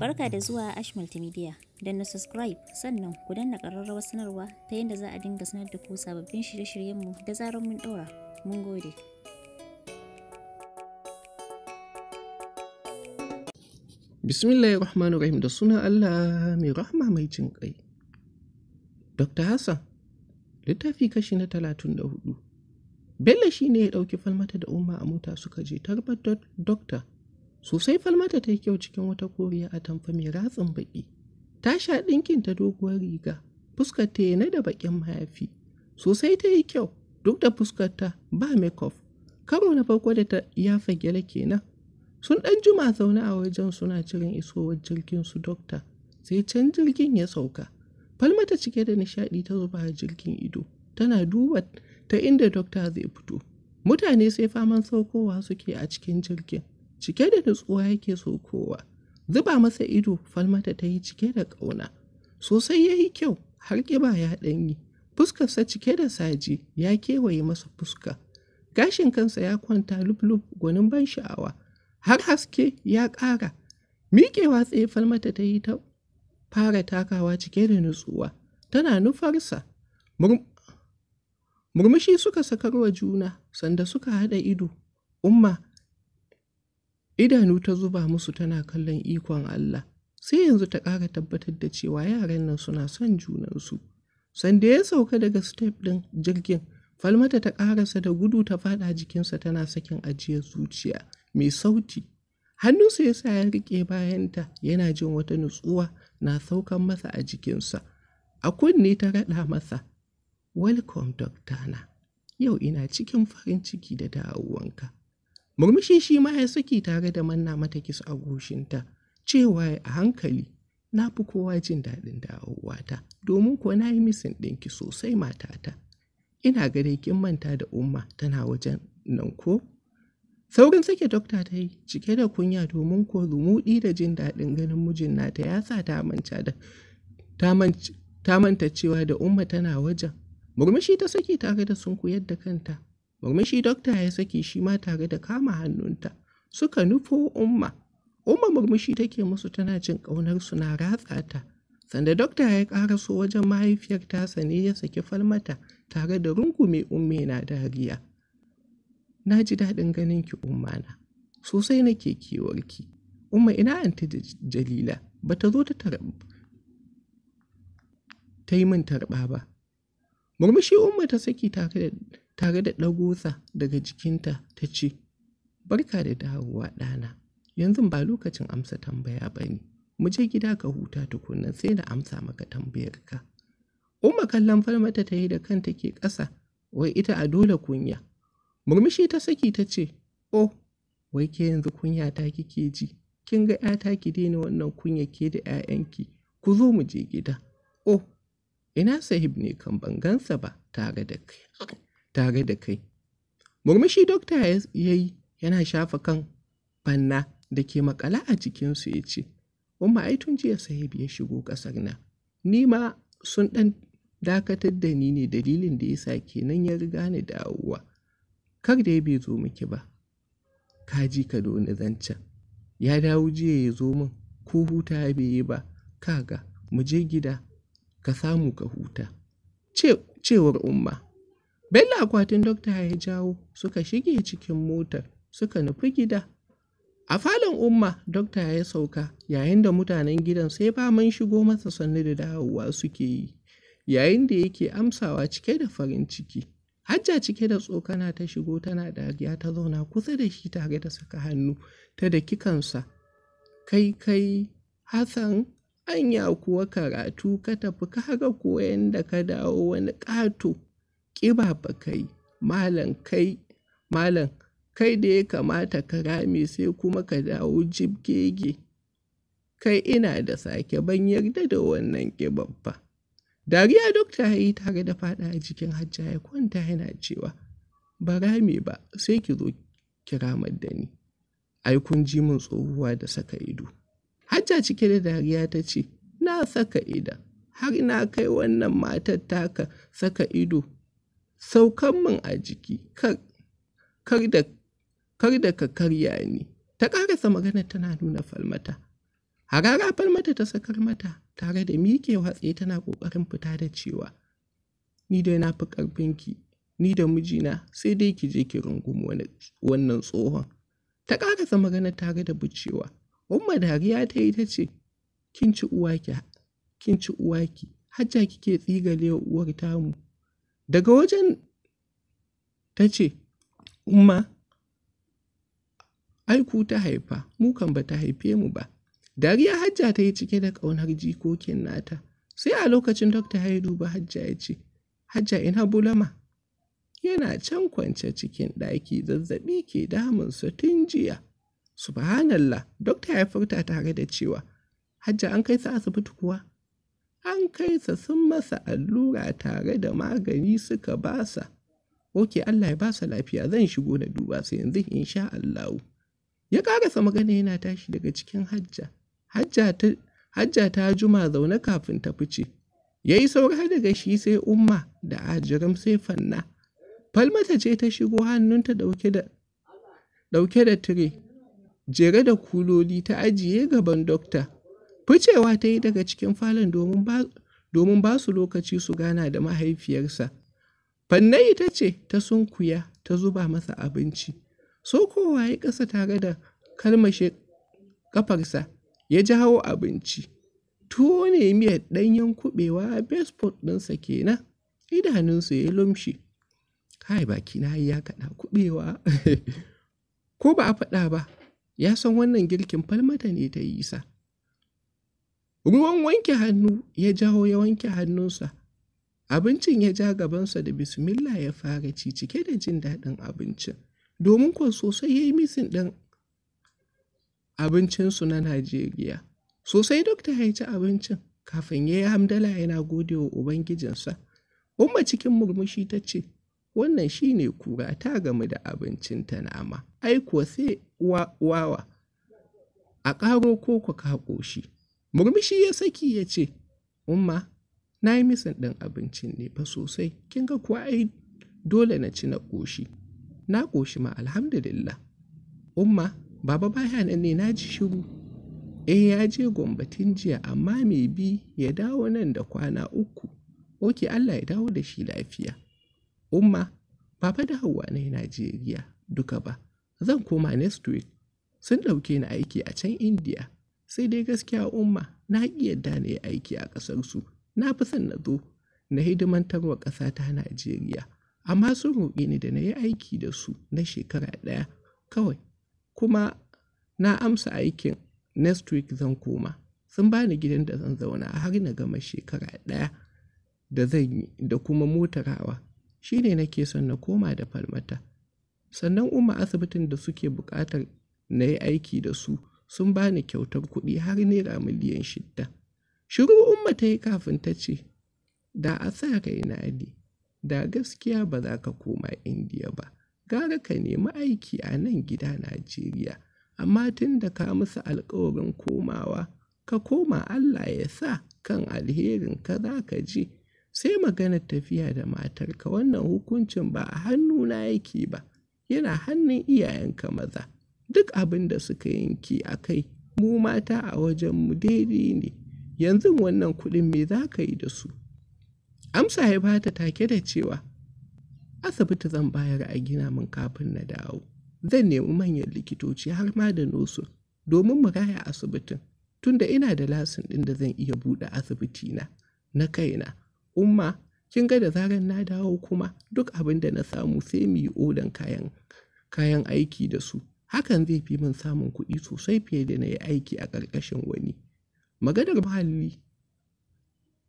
Barka da zuwa Ash Multimedia. Don na subscribe sannan ku danna ƙararrawar sanarwa ta yadda za a dinga sanar da ku sababbin shirye-shiryenmu da zarar mun ɗora. Mun gode. Bismillahir Rahmanir Rahim da suna Allah mai rahma mai jin ƙai. Dr. Hassan, littafi kashi na talatin da hudu. Bello shi ne ya ɗauki falmata da umma a mota suka je tarbar dokta Sosai falmata ta yi kyau cikin wata koriya a tamfa mai ratsin baƙi. Ta sha ɗinkin ta doguwar riga, fuskar ta yana da bakin mahaifi Sosai ta yi kyau, duk da fuskar ta ba makeup. Karo na farko da ta yafa gyale kenan. Sun ɗan juma zaune a wajen suna cirin isowar jirgin su dokta. Sai can jirgin ya sauka. Falmata cike da nishaɗi ta zuba a jirgin ido. Tana duba ta inda dokta zai fito. Mutane sai faman saukowa suke a cikin jirgin. cike da nutsuwa yake so kowa zuba masa ido falmata ta yi cike da ƙauna sosai ya yi kyau har ƙiba ya ɗanyi fuskarsa cike da saji ya kewaye masa fuska gashin kansa ya kwanta lublub gwanin ban sha'awa har haske ya ƙara miƙewa tsaye falmata ta yi ta fara takawa cike da nutsuwa tana nufarsa murmushi suka sakarwa juna sanda suka haɗa ido umma Idanu ta zuba musu tana kallon ikon Allah, sai yanzu ta ƙara tabbatar da cewa yaran nan suna son junan su. Sanda ya sauka daga step ɗin jirgin, Falmata ta ƙarasa da gudu ta faɗa jikinsa tana sakin ajiyar zuciya mai sauti. Hannunsa ya sa ya riƙe bayanta yana jin wata nutsuwa na saukan masa a jikinsa. A kunne ta raɗa masa, Welcome, doctor na Yau ina cikin farin ciki da dawowanka. Murmushi shi ma ya saki tare da manna mata kisu a goshinta, cewa a hankali na fi kowa jin daɗin dawowata, domin kuwa na yi misin ɗinki sosai matata. Ina ga dai kin manta da umma tana wajen nan ko? Saurin sake dokta ta yi cike da kunya domin ko rumudi da jin daɗin ganin mijin nata ya sa ta manta da ta manta cewa da umma tana wajen. Murmushi ta saki tare da sunkuyar da kanta Murmushi Dokta ya saki shi ma tare da kama hannunta. Suka nufo Umma. Umma murmushi take musu tana jin ƙaunarsu na ratsa ta. Sanda Dokta ya ƙaraso wajen mahaifiyar tasa ne ya saki falmata tare da rungume umme na dariya. Na ji daɗin ganin ki Umma na. Sosai nake kewarki. Umma ina anti Jalila ba ta zo ta ta yi min tarɓa ba. Murmushi Umma ta saki tare da tare da ɗagosa daga jikinta ta ce, Barka da dawowa ɗana, yanzu ba lokacin amsa tambaya ba ne, mu je gida ka huta tukunna sai na amsa maka tambayar ka Umma kallon falmata ta yi da kanta ke ƙasa, wai ita a dole kunya. Murmushi ta saki ta ce, Oh, wai ke yanzu kunya ta kike ji, kin ga ‘yata ki daina wannan kunya ke da ‘ya'yanki, ku zo mu je gida. Oh, ina sahib ne kan ban gansa ba tare da kai. tare da kai murmushi dokta ya yi yana shafa kan banna da ke makala a jikinsu ya ce umma ai tun jiya sahib ya shigo kasar na ni ma sun ɗan dakatar da ni ne dalilin da ya yasa kenan ya riga ni dawowa kar da ya bai zo miki ba kaji ka doni zancen ya dawo jiya ya zo min ko huta bai yi ba kaga mu je gida ka samu ka huta cewar umma Bello akwatin Dokta ya jawo suka shige cikin motar suka nufi gida. A falon Umma Dokta ya sauka yayin da mutanen gidan sai faman shigo masa sannu da dawowa suke yi yayin da yake amsawa cike da farin ciki. Hajja cike da tsokana ta shigo tana dariya ta zauna kusa da shi tare da saka hannu ta da kikansa. Kai kai Hassan anya kuwa karatu ka tafi ka koyan da ka dawo wani ƙato ƙiba ba ka malam kai, malam kai da ya kamata ka rame sai kuma ka dawo jibgege. Kai ina da sake ban yarda da wannan ƙibar fa. Dariya dokta ya yi tare da faɗa a jikin hajja ya kwanta yana cewa, ba rame ba sai ki zo kiramar da ni. Ai kun ji min tsohuwa da saka ido. Hajja cike da dariya ta ce, na saka ido, har na kai wannan matar taka saka ido saukan min a jiki kar da ka karya ni ta ƙarasa magana tana nuna falmata harara falmata ta sakar mata tare da miƙewa tsaye tana ƙoƙarin fita da cewa ni dai na fi ƙarfinki ni da mijina sai dai ki je ki rungumi wannan tsohon ta ƙarasa magana tare da bucewa umma dariya ta yi ta ce kin ci uwaki ki? hajja kike tsigale uwar tamu Daga wajen ta ce, Umma, aiku ta haifa, mukan ba ta haife mu ba. Dariya Hajja ta yi cike da ƙaunar jikokin nata. Sai a lokacin Dokta Haidu ba Hajja ya ce, Hajja ina bulama. Yana can kwance cikin ɗaki zazzaɓi ke damunsa tun jiya. Subhanallah, Dokta ya furta tare da cewa, Hajja an kai sa asibiti kuwa? an kai sa sun masa allura tare da magani suka basa Ok, Allah ya basa lafiya zan shigo na duba su yanzu insha Allahu ya karasa magana yana tashi daga cikin hajja hajja ta juma zaune kafin ta fice ya yi saura daga shi sai umma da ajiram sai fanna falmata ce ta shigo hannunta ta ɗauke dauke da tire jere da kuloli ta ajiye gaban dokta Ficewa ta yi daga cikin falon domin ba su lokaci su gana da mahaifiyarsa. Fannai ita ce ta sunkuya ta zuba masa abinci. Sokowa ya ƙasa tare da kalmashe ƙafarsa ya ji hawo abinci. Tuwo ne miyar ɗanyen kuɓewa best food ɗinsa kenan. Idanunsa ya lumshi. Kai bakina ya kaɗa kuɓewa. Ko ba a faɗa ba, ya san wannan girkin falmata ne ta yi sa. Ruwan wanke hannu ya jawo ya wanke hannunsa, abincin ya ja gabansa da Bismillah ya fara ci cike da jin daɗin abincin, domin kuwa sosai ya yi misin ɗin abincinsu na Najeriya. Sosai Dokta ya ci abincin kafin ya yi hamdala yana gode wa Ubangijinsa. Umma cikin murmushi ta ce, Wannan shi ne kura ta gamu da abincin ta nama, ai kuwa sai wawa, a ƙaro koko ka ƙoshi. Murmushi ya saki ya ce, Umma, na yi misan ɗin abincin ne fa sosai, kin ga kuwa ai dole na ci na ƙoshi. Na ƙoshi ma alhamdulillah. Umma, baba baya nan ne na ji shiru. Eh ya je gwambatin jiya amma mai bi ya dawo nan da kwana uku. Oke Allah ya dawo da shi lafiya. Umma, baba da hawa na Najeriya duka ba. Zan koma next week. Sun ɗauke ni aiki a can India. sai dai gaskiya umma na iya yadda na yi aiki a ƙasarsu na fi son na zo na hidimantar wa ƙasa ta najeriya amma sun roƙe ni da na yi aiki da su na shekara ɗaya kawai kuma na amsa aikin next week zan koma sun ba ni gidan da zan zauna har na gama shekara ɗaya da zan yi da kuma motar hawa shine nake son na koma da falmata sannan umma asibitin da suke buƙatar na yi aiki da su sun ba ni kyautar kuɗi har naira miliyan shida. Shiru Umma ta yi kafin ta ce, Da a sa na adi, da gaskiya ba za ka koma Indiya ba, gara ka nemi aiki a nan gida Najeriya, amma tun da ka musu alkawarin komawa, ka koma Allah ya sa kan alherin ka za ka je. sai maganar tafiya da matarka wannan hukuncin ba a hannuna yake ba, yana hannun iyayenka maza. duk abin da suka yanke a kai mu mata a wajen mu daidai ne yanzu wannan kuɗin me za ka yi da su amsa ya ba ta take da cewa asibiti zan bayar a gina min kafin na dawo zan nemi manyan likitoci har ma da nosu domin mu raya asibitin tunda ina da lasin ɗin da zan iya buɗe asibiti na na kaina umma kin ga da zaran na dawo kuma duk abin da na samu sai mu yi odan kayan kayan aiki da su hakan zai fi min samun kuɗi sosai fiye da na yi aiki a ƙarƙashin wani maganar muhalli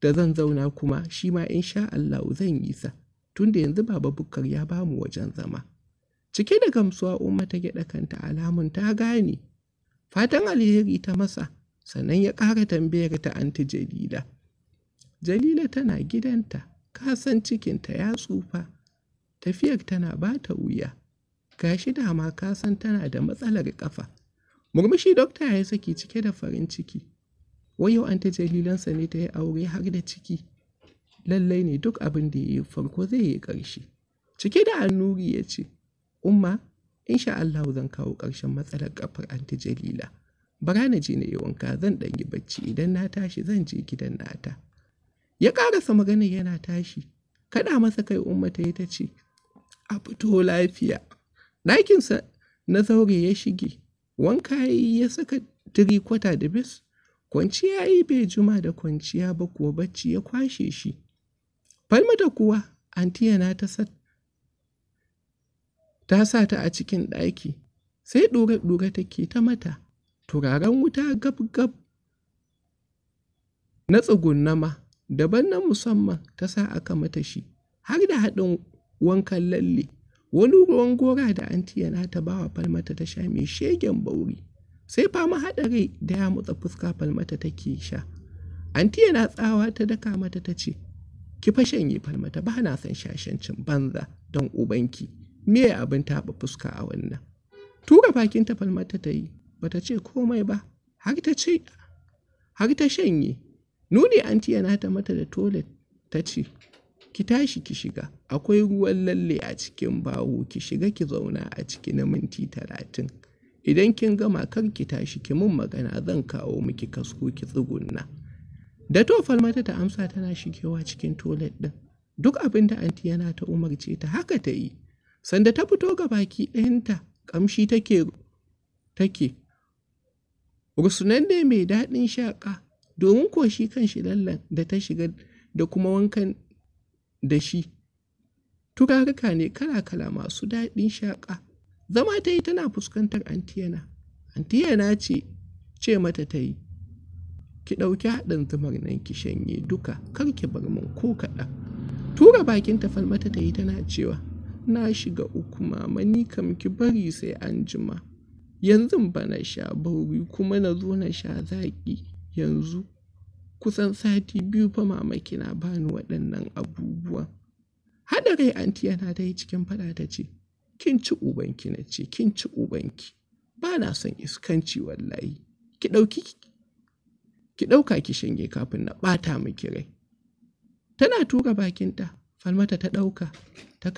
da zan zauna kuma shi ma in sha Allah zan yi sa tunda yanzu baba bukkar ya bamu wajen zama cike da gamsuwa umma ta gyaɗa kanta alamun ta gane fatan alheri ta masa sannan ya ƙara tambayar ta anti jalila jalila tana gidanta kasan cikinta ya tsufa tafiyar tana ba ta wuya Ga shi dama ka san tana da matsalar ƙafa. Murmushi dokta ya saki cike da farin ciki. yau an ta jalilansa ne ta yi aure har da ciki. Lallai ne duk abin da ya yi farko zai yi ƙarshe. Cike da annuri ya ce, Umma, insha Allah zan kawo ƙarshen matsalar ƙafar anti Jalila. Bara na je na yi wanka zan ɗan yi bacci idan na tashi zan je gidan nata. Ya ƙarasa magana yana tashi, kaɗa masa kai umma ta yi ce, A fito lafiya. ɗakinsa na zaure ya shige, wanka ya yi ya saka tirikwata da bis, kwanciya yi bai juma da kwanciya ba kuwa bacci ya kwashe shi. Falmata kuwa, antiyana ta sa ta sa ta a cikin ɗaki, sai ɗure-ɗure take ta mata, turaren wuta gab-gab na tsugunnama daban na musamman ta sa aka mata shi, har da haɗin wankan lalle. wani ruwan gora da antiya na ta bawa falmata ta sha mai shegen bauri sai fama haɗari da ya mutsa fuska falmata take sha antiya na tsawa ta daka mata ta ce ki fashen yi falmata ba na san shashancin banza don ubanki me abin taɓa fuska a wannan tura bakin ta falmata ta yi bata ce komai ba har ta ce har ta shanye nuni antiya na ta mata da tolet ta ce Ki tashi ki shiga, akwai ruwan lalle a cikin bawo ki shiga ki zauna a ciki na minti talatin. Idan kin gama kar ki tashi ki mun magana zan kawo miki kasko ki tsugunna. Da to Falmata ta amsa tana shigewa cikin tolet ɗin. Duk abin da anti yana ta umarce ta haka ta yi. Sanda ta fito ga baki ɗayanta ƙamshi take take. ne mai daɗin shaƙa domin ko shi kanshi lallen da ta shiga da kuma wankan da shi. Turaruka ne kala-kala masu daɗin shaƙa. Zama ta yi tana fuskantar Antiyana. Antiyana ce ce mata ta yi, ki ɗauki haɗin zumar nan ki shanye duka, kar ki bar min ko kaɗan. Tura bakin tafal mata ta yi tana cewa, na shiga uku mama ni kam ki bari sai an jima. Yanzu bana sha bauri kuma na zo na sha zaƙi yanzu. kusan sati biyu fa mamaki na bani waɗannan abubuwan. Haɗa rai anti yana ta yi cikin faɗa ta ce, kin ci ubanki na ce, kin ci ubanki. Ba na son iskanci wallahi. Ki ɗauki ki ɗauka ki shanye kafin na ɓata miki rai. Tana tura bakinta, falmata ta ɗauka, ta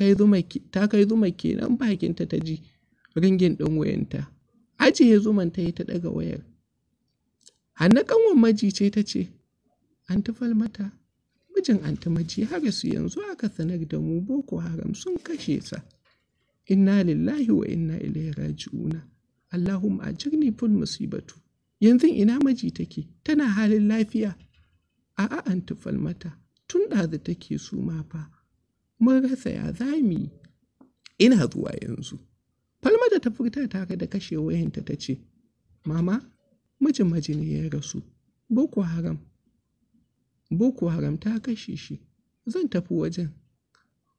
kai zuma kenan bakinta ta ji ringin ɗin wayanta. Ajiye zuman ta yi ta ɗaga wayar. Hanna ƙanwan maji ce ta ce, Anti Falmata, mijin Anti Maji su yanzu aka sanar da mu Boko Haram sun kashe sa. Inna lillahi wa inna ilaihi raji'una. Allahumma ajirni fil musibatu. Yanzu ina maji take? Tana halin lafiya? A'a Anti Falmata, tun ɗazu take suma fa. Mun rasa ya zami. Ina zuwa yanzu. Falmata ta furta tare da kashe wayanta ta ce, Mama, mijin maji ne ya rasu. Boko Haram Boko Haram ta kashe shi. Zan tafi wajen.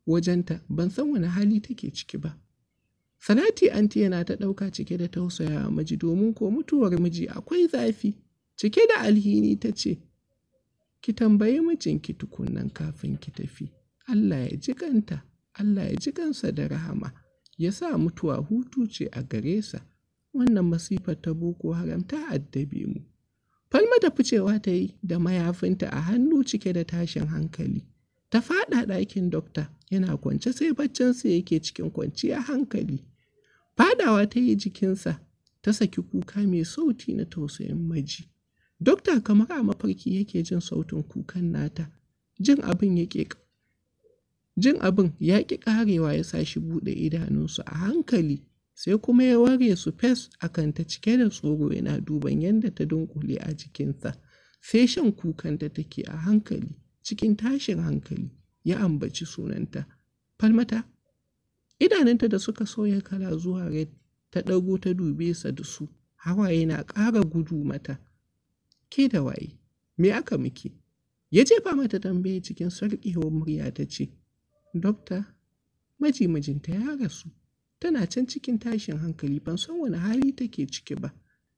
Wajenta ban san wani hali take ciki ba. Salati anti yana ta ɗauka cike da tausayawa miji domin ko mutuwar miji akwai zafi. Cike da alhini ta ce, Ki tambayi mijinki tukunnan kafin ki tafi. Allah ya ji kanta, Allah ya ji kansa da rahama, ya sa mutuwa hutu ce a gare sa. Wannan masifar ta Boko Haram ta addabe mu. da ficewa ta yi da mayafinta a hannu cike da tashin hankali. Ta faɗa ɗakin dokta yana kwance sai baccinsa yake cikin kwanciya hankali. Faɗawa ta yi jikinsa ta saki kuka mai sauti na tausayin maji. Dokta kamar a mafarki yake jin sautin kukan nata. Jin abin yake Jin abin ya ƙi ƙarewa ya sa shi buɗe idanunsu a hankali sai kuma ya ware su fes a kanta cike da tsoro yana duban yadda ta dunkule a jikinsa sai shan kukanta take a hankali cikin tashin hankali ya ambaci sunanta falmata idanunta da suka sauya kala zuwa red ta ɗago ta dube sa da su hawaye na ƙara gudu mata ke da waye me aka muke ya jefa mata tambaye cikin sarƙewar murya ta ce dokta majimajinta ya rasu tana can cikin tashin hankali ban san wani hali take ciki ba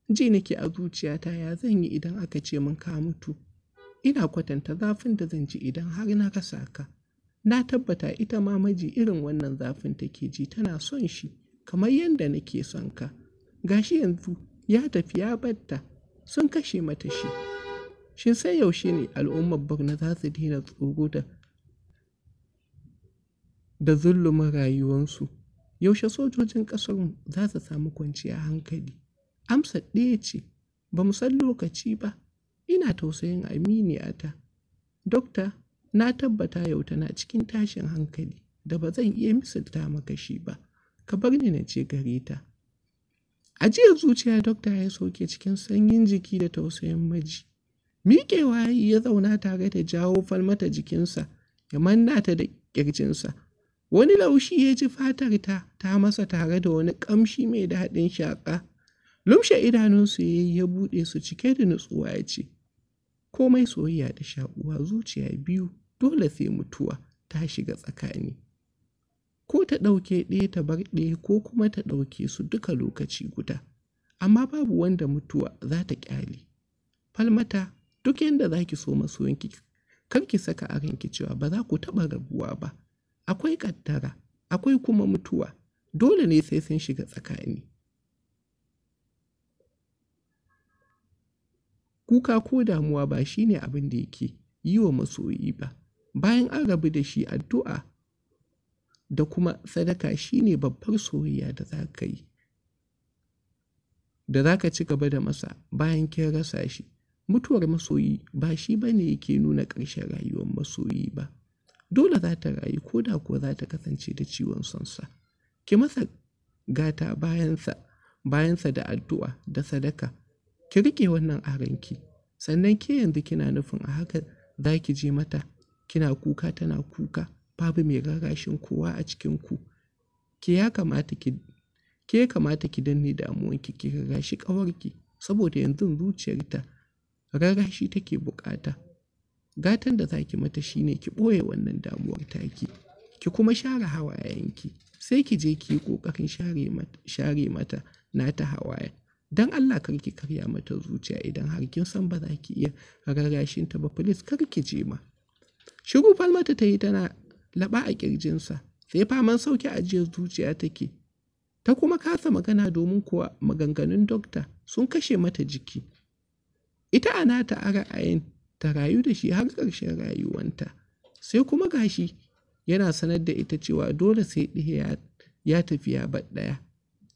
ji nake a zuciyata ya zan yi idan aka ce mun ka mutu ina kwatanta zafin da zan ji idan har na rasa ka na tabbata ita ma maji irin wannan zafin take ji tana son shi kamar yadda nake son ka gashi yanzu ya tafi ya batta sun kashe mata shi shin sai yaushe ne al'ummar borno za su daina tsoro da zullumin rayuwarsu Yaushe sojojin ƙasarmu za su samu kwanciyar hankali? Amsa ɗaya ce, ba mu san lokaci ba. Ina tausayin ta. Dokta, na tabbata yau tana cikin tashin hankali da ba zan iya misalta maka shi ba. Ka bar ni na ce gare ta. A Ajiyar zuciya Dokta ya sauke cikin sanyin jiki da tausayin maji. Miƙewa ya zauna tare da jawo falmata jikinsa, ya manna ta da ƙirjinsa. Wani laushi ya ji fatarta ta masa tare da wani ƙamshi mai daɗin shaƙa. Lumshe idanunsu ya yi ya buɗe su cike da nutsuwa ya ce, Komai soyayya da shaƙuwa zuciya biyu dole sai mutuwa ta shiga tsakani. Ko ta ɗauke ɗaya ta bar ɗaya ko kuma ta ɗauke su duka lokaci guda, amma babu wanda mutuwa za ta ƙyale. Falmata duk yadda za ki so masoyinki, kar ki saka a ranki cewa ba za ku taɓa rabuwa ba. akwai ƙaddara akwai kuma mutuwa dole ne sai sun shiga tsakani kuka ko damuwa ba shi ne abin da yake yi wa masoyi ba bayan an rabu da shi addu'a da kuma sadaka shi ne babbar soyayya da za ka yi da za ka ci gaba da masa bayan kin rasa shi mutuwar masoyi ba shi ba ne yake nuna ƙarshen rayuwar masoyi ba dole za ta rayu ko da ko za ta kasance da ciwon sonsa. Ki masa gata bayansa, bayansa da addu'a da sadaka, ki riƙe wannan aranki, sannan ke yanzu kina nufin a haka za ki je mata, kina kuka tana kuka, babu mai rarashin kowa a cikin ku. Ke ya kamata ki ke kamata ki danne damuwanki ki rarashi ƙawarki saboda yanzu zuciyarta rarrashi take buƙata gatan da za ki mata shine ki ɓoye wannan damuwar taki ki kuma share hawayenki sai ki je ki yi ƙoƙarin share mata nata hawaye don Allah kar ki karya mata zuciya idan har kin san ba za ki iya rarrashin ta ba please kar ki je ma shiru falmata ta yi tana laba a ƙirjinsa sai faman sauki ajiyar zuciya take ta kuma kasa magana domin kuwa maganganun dokta sun kashe mata jiki ita a nata a ra'ayin ta rayu da shi har ƙarshen rayuwanta sai kuma gashi yana sanar da ita cewa dole sai ɗaya ya tafi ya bar ɗaya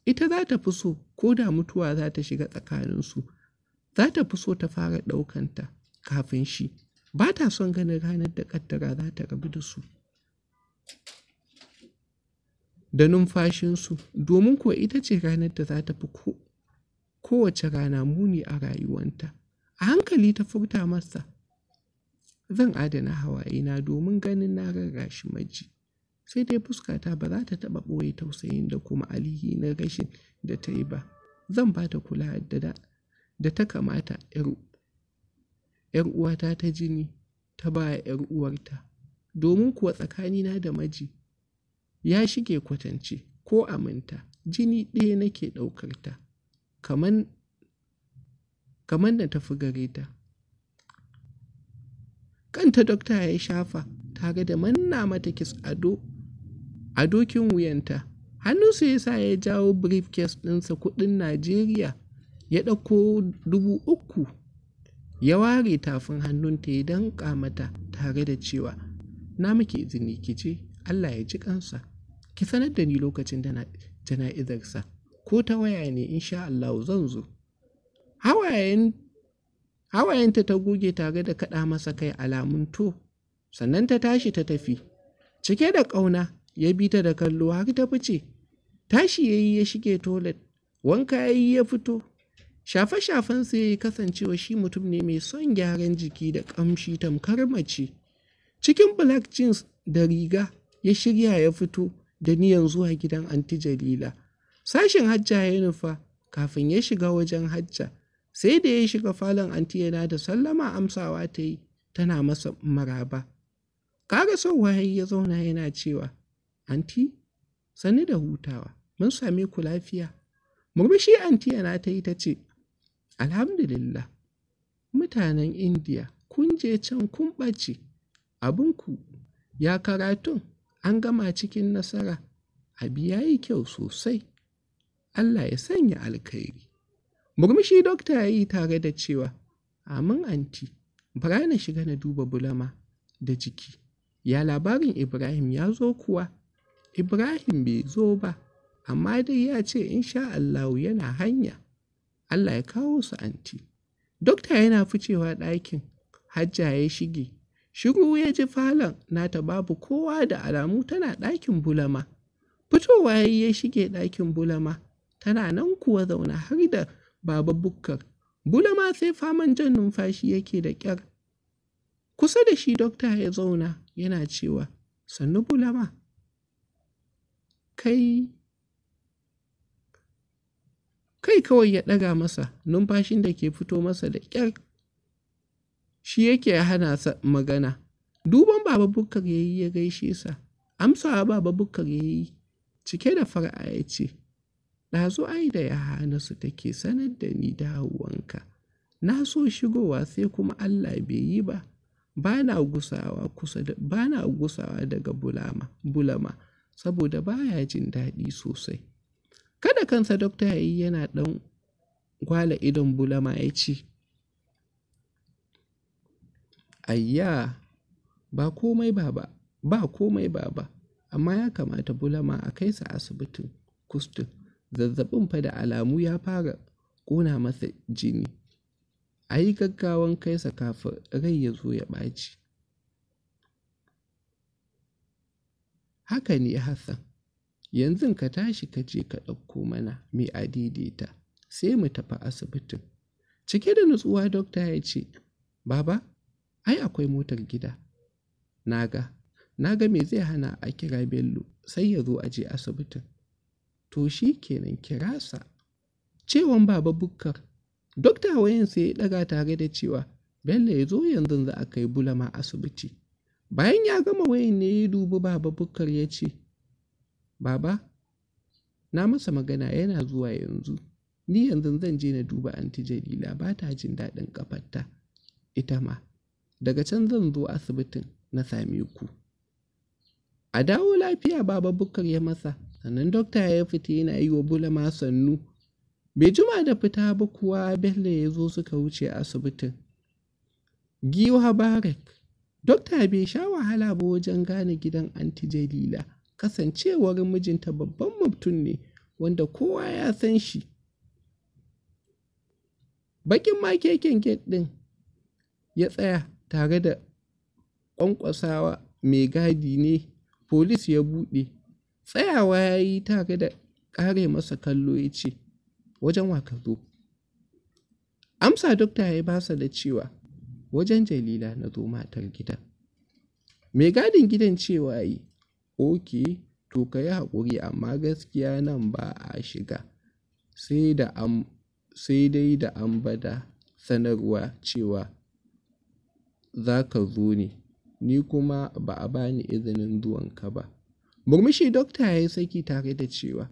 ita za ta fi so ko da mutuwa za ta shiga tsakaninsu za ta fi so ta fara ɗaukanta kafin shi ba ta son ganin ranar da ƙaddara za ta rabu da su da numfashinsu domin ko ita ce ranar da za ta fi kowace rana muni a rayuwanta a hankali ta furta masa Zan adana hawayena domin ganin na rarrashi maji. Sai dai fuskata ba za ta taɓa ɓoye tausayin da kuma alihi na rashin da ta yi ba. Zan ba ta kula da ta kamata ‘yar uwata ta jini ta ba ‘yar uwarta. Domin kuwa tsakanina da Maji ya shige kwatance ko aminta jini ɗaya nake ɗaukarta, kaman na tafi gare ta. kanta dokta ya shafa ta ga da manna mata kis ado a dokin wuyanta hannu su ya sa ya jawo briefcase ɗinsa kuɗin najeriya ya ɗauko dubu uku ya ware tafin hannunta ya danƙa mata tare da cewa na muke izini ki je allah ya ji kansa ki sanar da ni lokacin da jana'izarsa ko ta waya ne insha allahu zan zo hawayen hawayenta ta goge tare da kaɗa masa kai alamun to sannan ta tashi ta tafi cike da ƙauna ya bi ta da kallo har ta fice tashi ya yi ya shige toilet wanka ya yi ya fito shafe-shafensa ya yi kasancewa shi mutum ne mai son gyaran jiki da ƙamshi tamkar mace cikin black jeans da riga ya shirya ya fito da niyan zuwa gidan anti jalila sashen hajja ya nufa kafin ya shiga wajen hajja sai da ya shiga falon anti-yana da sallama amsawa ta yi tana masa maraba kaga son wahayi ya zauna yana cewa anti sani da hutawa mun sami ku lafiya murmushi yana ta yi ta ce alhamdulillah mutanen indiya kun je can kun ɓace abinku ya karatun an gama cikin nasara abi ya yi kyau sosai allah ya sanya alkhairi Murmushi Dokta ya yi tare da cewa, Amin anti, bara na shiga na duba Bulama da jiki. Ya labarin Ibrahim ya zo kuwa? Ibrahim bai zo ba, amma dai ya ce in sha Allahu yana hanya. Allah ya kawo su anti. Dokta yana ficewa ɗakin, hajja ya shige. Shiru ya ji falon nata babu kowa da alamu tana ɗakin bulama. Fitowa ya shige ɗakin bulama, tana nan kuwa zauna har da Baba Bukkar, Bula ma sai faman jan numfashi yake da ƙyar. Kusa da shi dokta ya zauna yana cewa, Sannu bulama. kai kai kawai ya ɗaga masa numfashin da ke fito masa da ƙyar shi yake hana sa magana duban baba bukkar ya yi ya gaishe sa amsawa baba bukkar ya yi cike da fara'a ya ce Ɗazu ai da su take sanar da ni dawowanka, na so shigowa sai kuma Allah bai yi ba, ba na gusawa, daga bulama, bulama saboda baya jin daɗi sosai. Kada kansa dokta ya yana ɗan gwala idon bulama ya ce, Ayya, ba komai baba, ba komai baba, amma ya kamata bulama a kai sa asibitin kustin. zazzabin fa da alamu ya fara ƙona masa jini a yi gaggawan kaisa kafin rai ya zo ya ɓaci haka ne hassan yanzu ka tashi ka je ka ɗauko mana mai adidita sai mu tafi asibitin cike da nutsuwa dokta ya ce baba ai akwai motar gida naga naga me zai hana a kira bello sai ya zo a je asibitin To shi kenan kira sa. Cewan Baba Bukkar, Dokta wayansa ya ɗaga tare da cewa Bello ya zo yanzu za a kai Bulama asibiti. Bayan ya gama wayan ne ya dubi Baba Bukkar ya ce, Baba, na masa magana yana zuwa yanzu, ni yanzu zan je na duba anti Jalila ba ta jin daɗin ƙafarta, ita ma, daga can zan zo asibitin na same ku. A dawo lafiya Baba Bukkar ya masa, sannan dokta ya fita yana yi wa bulama sannu bai jima da fita ba kuwa bello ya zo suka wuce asibitin giwa barak dokta bai sha wahala ba wajen gane gidan anti jalila kasancewar mijinta babban mutum ne wanda kowa ya san shi bakin ma gate ɗin ya tsaya tare da ƙwanƙwasawa mai gadi ne polis ya buɗe Tsayawa ya yi tare da ƙare masa kallo ya ce, Wajen wa zo? Amsa dokta ya basa da cewa, Wajen Jalila na zo matar gida. Mai gadin gidan cewa yi, Oke, to ka yi haƙuri amma gaskiya nan ba a shiga, sai dai da an bada sanarwa cewa za ka zo ne, ni kuma ba a bani izinin zuwanka ba. murmushi dokta ya yi saki tare da cewa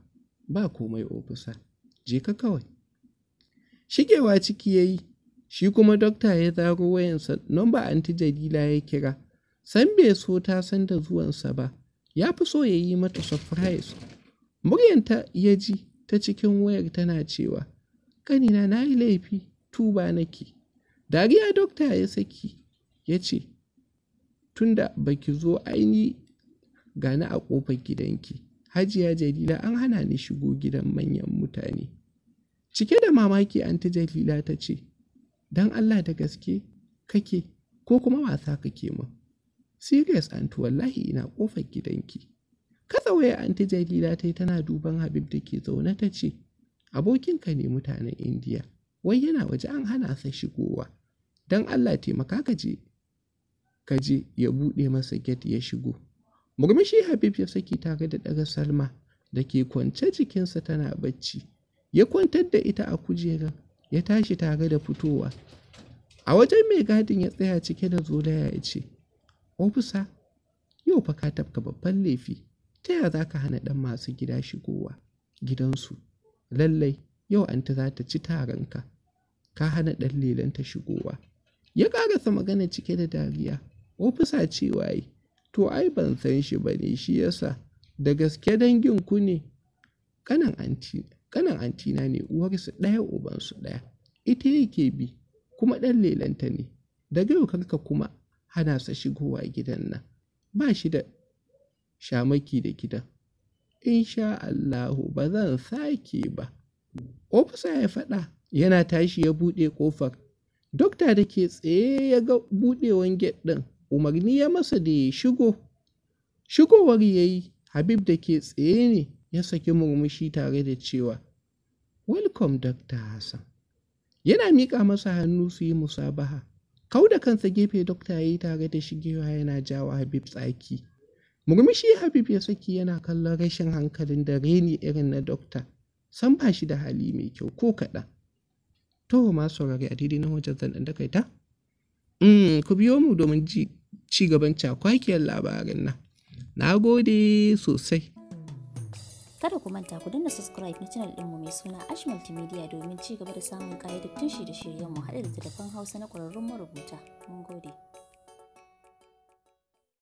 ba komai ofisa je ka kawai shigewa ciki ya yi shi kuma dokta ya zaro wayansa nomba anti jalila ya kira san bai so ta san da zuwansa ba ya fi so ya yi mata surprise muryanta ya ji ta cikin wayar tana cewa Kanina na yi laifi tuba nake dariya dokta ya saki ya ce tunda baki zo aini gani a ƙofar gidanki hajiya jalila an hana ni shigo gidan manyan mutane cike da mamaki anti jalila ta ce don allah da gaske kake ko kuma wasa kake min serious anti wallahi ina ƙofar gidanki katsa waya anti jalila ta yi tana duban habib da ke zaune ta ce abokinka ne mutanen indiya wai yana waje an hana sa shigowa don allah taimaka kaje ka je ya buɗe masa get ya shigo murmushi habib ya saki tare da ɗaga salma da ke kwance jikinsa tana bacci ya kwantar da ita a kujerar ya tashi tare da fitowa a wajen mai gadin ya tsaya cike da zolaya ya ce ofisa yau fa ka tafka babban laifi ta ya za ka hana ɗan masu gida shigowa gidansu lallai yau an ta za ta ci taronka ka hana ɗan lelanta shigowa ya ƙarasa magana cike da dariya ofisa cewa yi To ai ban san shi ba ne shi yasa, da gaske danginku ne? Kanin anti, antina ne uwarsu ɗaya ubansu ɗaya, ita yake bi kuma ɗan lelanta ne, daga yau karka kuma hana sa shigowa gidan nan, ba shi da shamaki da gidan. Insha Allahu ba zan sake ba. Ofisa ya faɗa yana tashi ya buɗe ƙofar. Dokta da ke tsaye ya ga buɗewan gate ɗin umarni ya masa da ya shigo shigowar ya yi habib da ke tsaye ne ya saki murmushi tare da cewa welcome dr hassan yana miƙa masa hannu su yi musabaha kau da kansa gefe dokta ya yi tare da shigewa yana jawo habib tsaki murmushi habib ya saki yana kallon rashin hankalin da reni irin na dokta san ba shi da hali mai kyau ko kaɗan to masu saurari a daidai na wajen zan ɗan takaita mm, ku biyo mu domin ji ci gaban cakwakiyar labarin nan. Na gode sosai. Kada ku manta ku danna subscribe na channel ɗinmu mai suna Ash Multimedia domin ci gaba da samun kayyadattun shirye-shiryenmu haɗe da tattafan Hausa na ƙwararrun marubuta. Mun gode.